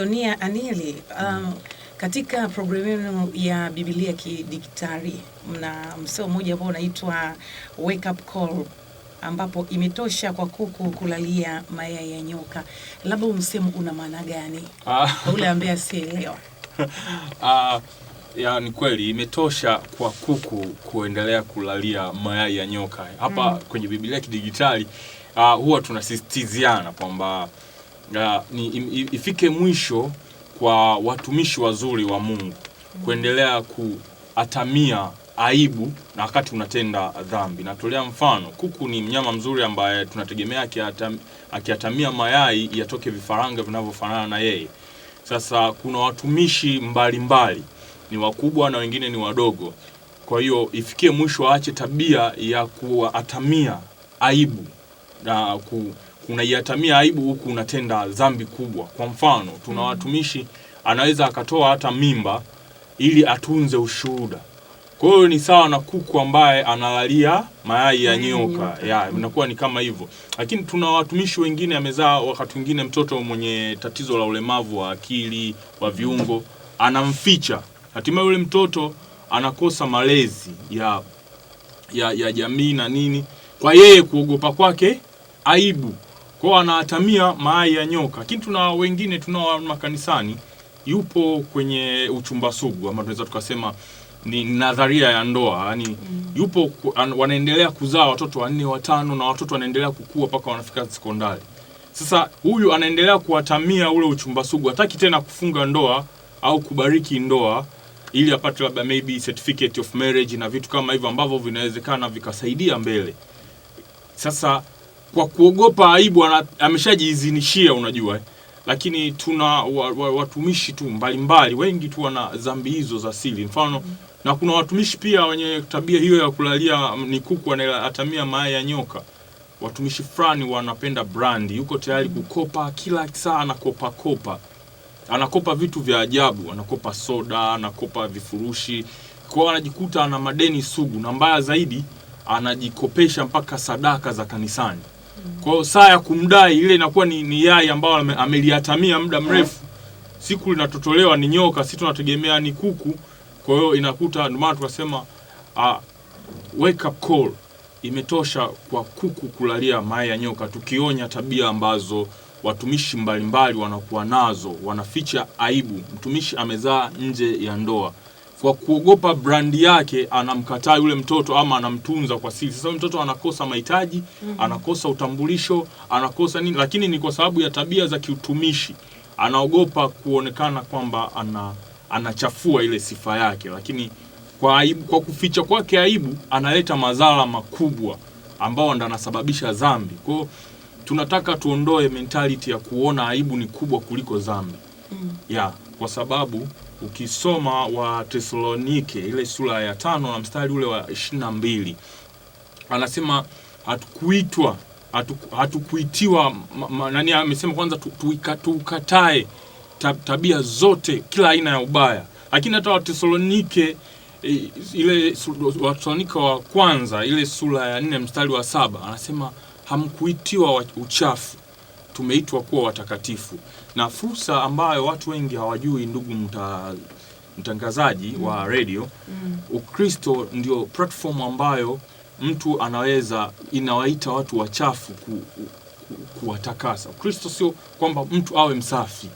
Pionia Anili, um, mm. katika programu yenu ya Biblia Kidigitali mna msemo mmoja ambao unaitwa wake up call ambapo imetosha kwa kuku kulalia mayai ya nyoka. Labda umsemo una maana gani? Ah. Ule ambaye asielewa. Ah, ya ni kweli imetosha kwa kuku kuendelea kulalia mayai ya nyoka. Hapa mm. kwenye Biblia Kidigitali uh, huwa tunasisitiziana kwamba uh, ni, ifike mwisho kwa watumishi wazuri wa Mungu kuendelea kuatamia aibu na wakati unatenda dhambi. Natolea mfano, kuku ni mnyama mzuri ambaye tunategemea akiatamia mayai yatoke vifaranga vinavyofanana na yeye. Sasa kuna watumishi mbalimbali mbali, ni wakubwa na wengine ni wadogo. Kwa hiyo ifikie mwisho aache tabia ya kuatamia aibu na ku unaiatamia aibu huku unatenda dhambi kubwa. Kwa mfano, tuna mm. watumishi anaweza akatoa hata mimba ili atunze ushuhuda. Kwa hiyo ni sawa na kuku ambaye analalia mayai ya mm, nyoka, ya inakuwa ni kama hivyo. Lakini tuna watumishi wengine amezaa wakati mwingine mtoto mwenye tatizo la ulemavu wa akili wa viungo, anamficha, hatimaye yule mtoto anakosa malezi ya ya, ya jamii na nini, kwa yeye kuogopa kwake aibu kwao anaatamia mayai ya nyoka. Lakini tuna wengine tunao makanisani, yupo kwenye uchumba sugu, ama tunaweza tukasema ni nadharia ya ndoa, yani mm. yupo wanaendelea kuzaa watoto wanne watano, na watoto wanaendelea kukua mpaka wanafika sekondari. Sasa huyu anaendelea kuwatamia ule uchumba sugu, hataki tena kufunga ndoa au kubariki ndoa ili apate labda maybe certificate of marriage na vitu kama hivyo ambavyo vinawezekana vikasaidia mbele. Sasa kwa kuogopa aibu ameshajiizinishia, unajua eh? Lakini tuna wa, wa, watumishi tu mbalimbali wengi tu wana dhambi hizo za siri mfano mm. na kuna watumishi pia wenye tabia hiyo ya kulalia ni kuku anayatamia mayai ya nyoka. Watumishi fulani wanapenda brandi, yuko tayari kukopa kila saa, anakopa kopa, anakopa vitu vya ajabu, anakopa soda, anakopa vifurushi, kwa anajikuta ana madeni sugu, na mbaya zaidi anajikopesha mpaka sadaka za kanisani. Kwa saa ya kumdai ile inakuwa ni, ni yai ambayo ameliatamia muda mrefu, siku linatotolewa ni nyoka, si tunategemea ni kuku. Kwa hiyo inakuta, ndio maana tukasema uh, wake up call imetosha kwa kuku kulalia mayai ya nyoka, tukionya tabia ambazo watumishi mbalimbali wanakuwa nazo, wanaficha aibu. Mtumishi amezaa nje ya ndoa kwa kuogopa brandi yake anamkataa yule mtoto ama anamtunza kwa siri. Sasa mtoto anakosa mahitaji mm -hmm. anakosa utambulisho, anakosa nini, lakini ni kwa sababu ya tabia za kiutumishi, anaogopa kuonekana kwamba ana anachafua ile sifa yake, lakini kwa aibu, kwa kuficha kwake aibu analeta madhara makubwa ambao ndo anasababisha dhambi. Kwa hiyo tunataka tuondoe mentality ya kuona aibu ni kubwa kuliko dhambi mm. yeah kwa sababu ukisoma wa Tesalonike ile sura ya tano na mstari ule wa ishirini na mbili anasema hatukuitwa hatukuitiwa nani, amesema kwanza tuukatae tab, tabia zote, kila aina ya ubaya. Lakini hata Watesalonike ile Watesalonike wa kwanza ile sura ya nne mstari wa saba anasema hamkuitiwa uchafu tumeitwa kuwa watakatifu, na fursa ambayo watu wengi hawajui, ndugu mta, mtangazaji mm. wa redio mm. Ukristo ndio platform ambayo mtu anaweza inawaita watu wachafu ku, ku, ku, kuwatakasa. Ukristo sio kwamba mtu awe msafi.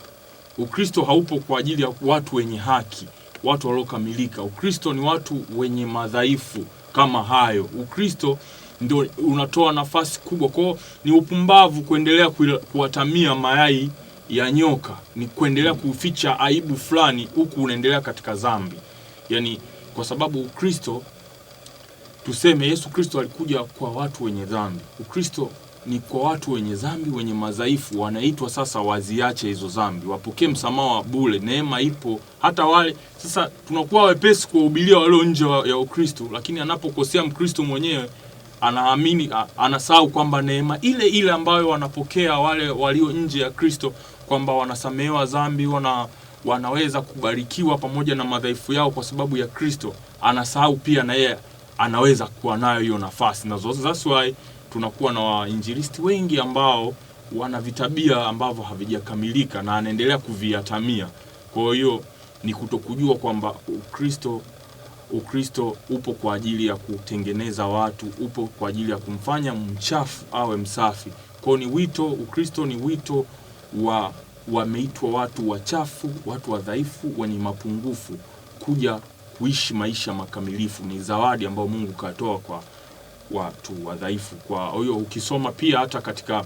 Ukristo haupo kwa ajili ya watu wenye haki, watu waliokamilika. Ukristo ni watu wenye madhaifu kama hayo. Ukristo ndio unatoa nafasi kubwa kwao. Ni upumbavu kuendelea kuwatamia mayai ya nyoka, ni kuendelea kuficha aibu fulani, huku unaendelea katika dhambi. Yani kwa sababu Ukristo tuseme, Yesu Kristo alikuja kwa watu wenye dhambi. Ukristo ni kwa watu wenye dhambi, wenye madhaifu, wanaitwa sasa waziache hizo dhambi, wapokee msamaha wa bure. Neema ipo hata wale sasa. Tunakuwa wepesi kuwahubiria walio nje ya Ukristo, lakini anapokosea Mkristo mwenyewe anaamini, anasahau kwamba neema ile ile ambayo wanapokea wale walio nje ya Kristo, kwamba wanasamehewa dhambi, wana wanaweza kubarikiwa pamoja na madhaifu yao kwa sababu ya Kristo, anasahau pia na yeye anaweza kuwa nayo hiyo nafasi, na that's why tunakuwa na wainjilisti wengi ambao wana vitabia ambavyo havijakamilika na anaendelea kuviatamia. Kwa hiyo ni kutokujua kwamba Ukristo Ukristo upo kwa ajili ya kutengeneza watu, upo kwa ajili ya kumfanya mchafu awe msafi. Kwa ni wito, Ukristo ni wito wa wameitwa watu wachafu, watu wadhaifu, wenye mapungufu kuja kuishi maisha makamilifu. Ni zawadi ambayo Mungu katoa kwa watu wadhaifu. Kwa hiyo ukisoma pia hata katika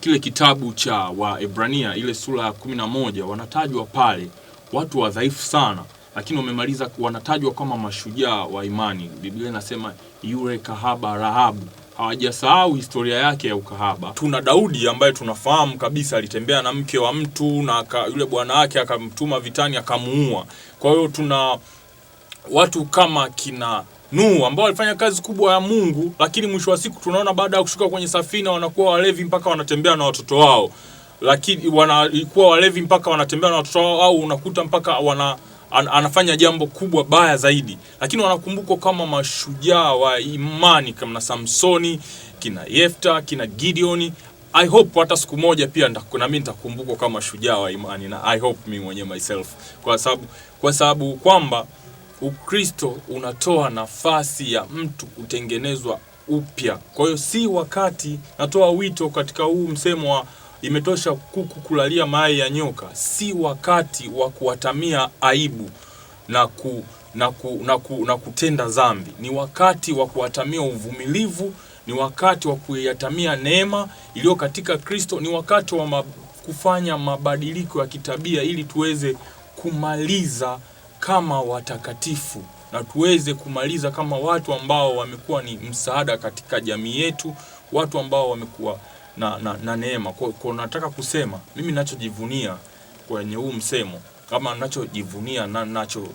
kile kitabu cha Waebrania ile sura ya kumi na moja wanatajwa pale watu wadhaifu sana lakini wamemaliza wanatajwa kama mashujaa wa imani. Biblia inasema yule kahaba Rahabu hawajasahau historia yake ya ukahaba. Tuna Daudi ambaye tunafahamu kabisa alitembea na mke wa mtu na aka, yule bwana wake akamtuma vitani akamuua. Kwa hiyo tuna watu kama kina Nuhu ambao walifanya kazi kubwa ya Mungu, lakini mwisho wa siku tunaona baada ya kushuka kwenye safina wanakuwa walevi mpaka wanatembea na watoto wao, lakini wanakuwa walevi mpaka wanatembea na watoto wao, au unakuta mpaka wana an, anafanya jambo kubwa baya zaidi, lakini wanakumbukwa kama mashujaa wa imani kama Samsoni, kina Yefta, kina Gideoni. I hope hata siku moja pia na mimi nitakumbukwa kama shujaa wa imani na I hope mimi mwenyewe myself, kwa sababu kwa sababu kwamba Ukristo unatoa nafasi ya mtu kutengenezwa upya. Kwa hiyo si wakati, natoa wito katika huu msemo wa imetosha kuku kulalia mayai ya nyoka, si wakati wa kuwatamia aibu na ku na, ku, na, ku, na kutenda dhambi. Ni wakati wa kuwatamia uvumilivu, ni wakati wa kuyatamia neema iliyo katika Kristo, ni wakati wa ma, kufanya mabadiliko ya kitabia ili tuweze kumaliza kama watakatifu na tuweze kumaliza kama watu ambao wamekuwa ni msaada katika jamii yetu, watu ambao wamekuwa na, na, na neema. Kwa, kwa nataka kusema mimi ninachojivunia kwenye huu msemo kama nachojivunia na nacho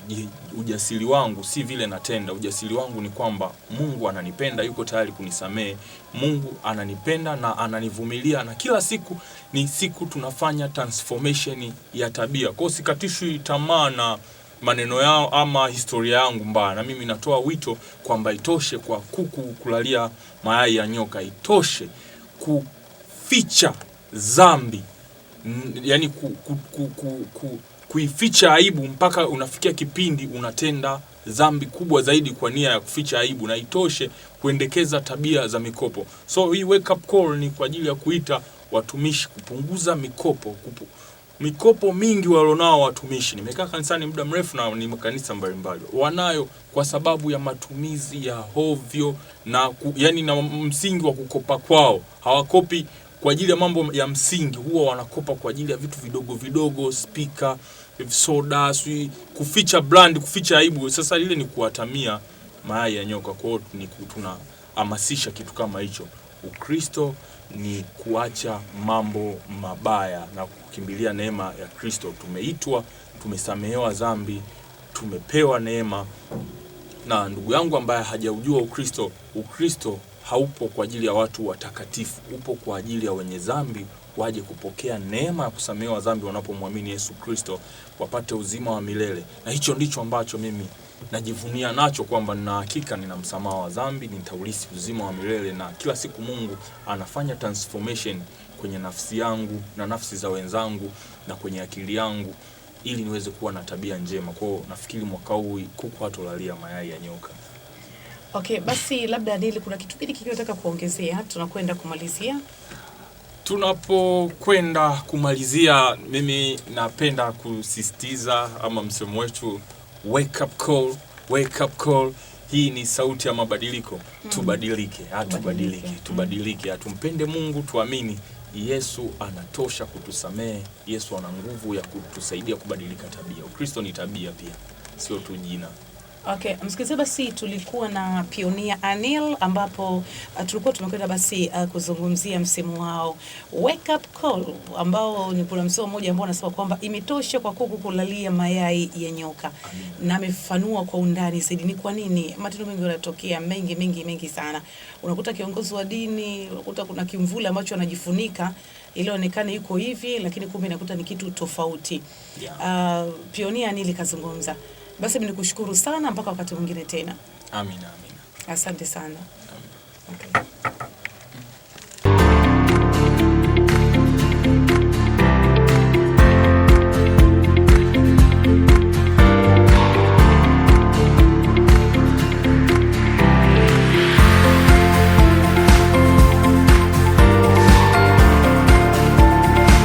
ujasiri wangu si vile natenda. Ujasiri wangu ni kwamba Mungu ananipenda, yuko tayari kunisamehe. Mungu ananipenda na ananivumilia, na kila siku ni siku tunafanya transformation ya tabia. Kwa sikatishwi tamaa na maneno yao ama historia yangu mbaya, na mimi natoa wito kwamba itoshe kwa kuku kulalia mayai ya nyoka, itoshe ku kuificha dhambi, mm, yani ku, ku, ku, ku, ku, kuificha aibu mpaka unafikia kipindi unatenda dhambi kubwa zaidi kwa nia ya kuficha aibu, na itoshe kuendekeza tabia za mikopo. So hii wake up call ni kwa ajili ya kuita watumishi kupunguza mikopo kupu, mikopo mingi walionao watumishi. Nimekaa kanisani muda mrefu na ni makanisa mbalimbali wanayo, kwa sababu ya matumizi ya hovyo na ku, yani na msingi wa kukopa kwao hawakopi kwa ajili ya mambo ya msingi huwa wanakopa kwa ajili ya vitu vidogo vidogo, spika, soda, sui, kuficha brand, kuficha aibu. Sasa ile ni kuatamia mayai ya nyoka. Kwa hiyo ni tunahamasisha kitu kama hicho. Ukristo ni kuacha mambo mabaya na kukimbilia neema ya Kristo. Tumeitwa, tumesamehewa dhambi, tumepewa neema. Na ndugu yangu ambaye hajaujua Ukristo, Ukristo haupo kwa ajili ya watu watakatifu, upo kwa ajili ya wenye dhambi waje kupokea neema ya kusamehewa dhambi wanapomwamini Yesu Kristo, wapate uzima wa milele. Na hicho ndicho ambacho mimi najivunia nacho kwamba nina hakika nina msamaha wa dhambi, nitaurithi uzima wa milele, na kila siku Mungu anafanya transformation kwenye nafsi yangu na nafsi za wenzangu na kwenye akili yangu ili niweze kuwa na tabia njema. kwao nafikiri mwaka huu kuku hatolalia mayai ya nyoka. Okay, basi labda Adili, kuna kitu gani nataka kuongezea? Tunakwenda kumalizia. Tunapokwenda kumalizia, mimi napenda kusisitiza ama msemo wetu wake up call, wake up call. Hii ni sauti ya mabadiliko mm. Tubadilike, hatubadilike, tubadilike, hatumpende Mungu, tuamini Yesu anatosha kutusamehe. Yesu ana nguvu ya kutusaidia kubadilika tabia. Ukristo ni tabia pia, sio tu jina. Okay, msikilizaji, basi tulikuwa na pionia Anil ambapo uh, tulikuwa tumekwenda basi uh, kuzungumzia msimu wao Wake Up Call ambao ni kuna msemo mmoja ambao anasema kwamba imetosha kwa kuku kulalia mayai ya nyoka, na amefanua kwa undani zaidi ni kwa nini matendo mengi yanatokea, mengi mengi mengi sana. Unakuta kiongozi wa dini, unakuta kuna kimvuli ambacho anajifunika ili onekane yuko hivi, lakini kumbe nakuta ni kitu tofauti. Uh, Pionia Anil kazungumza basi nikushukuru sana mpaka wakati mwingine tena. Amina, amina. Asante sana. Amina. Okay.